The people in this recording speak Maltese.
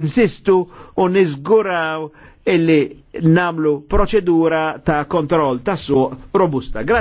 nsistu u nizguraw illi namlu proċedura ta' kontroll ta' suq robusta.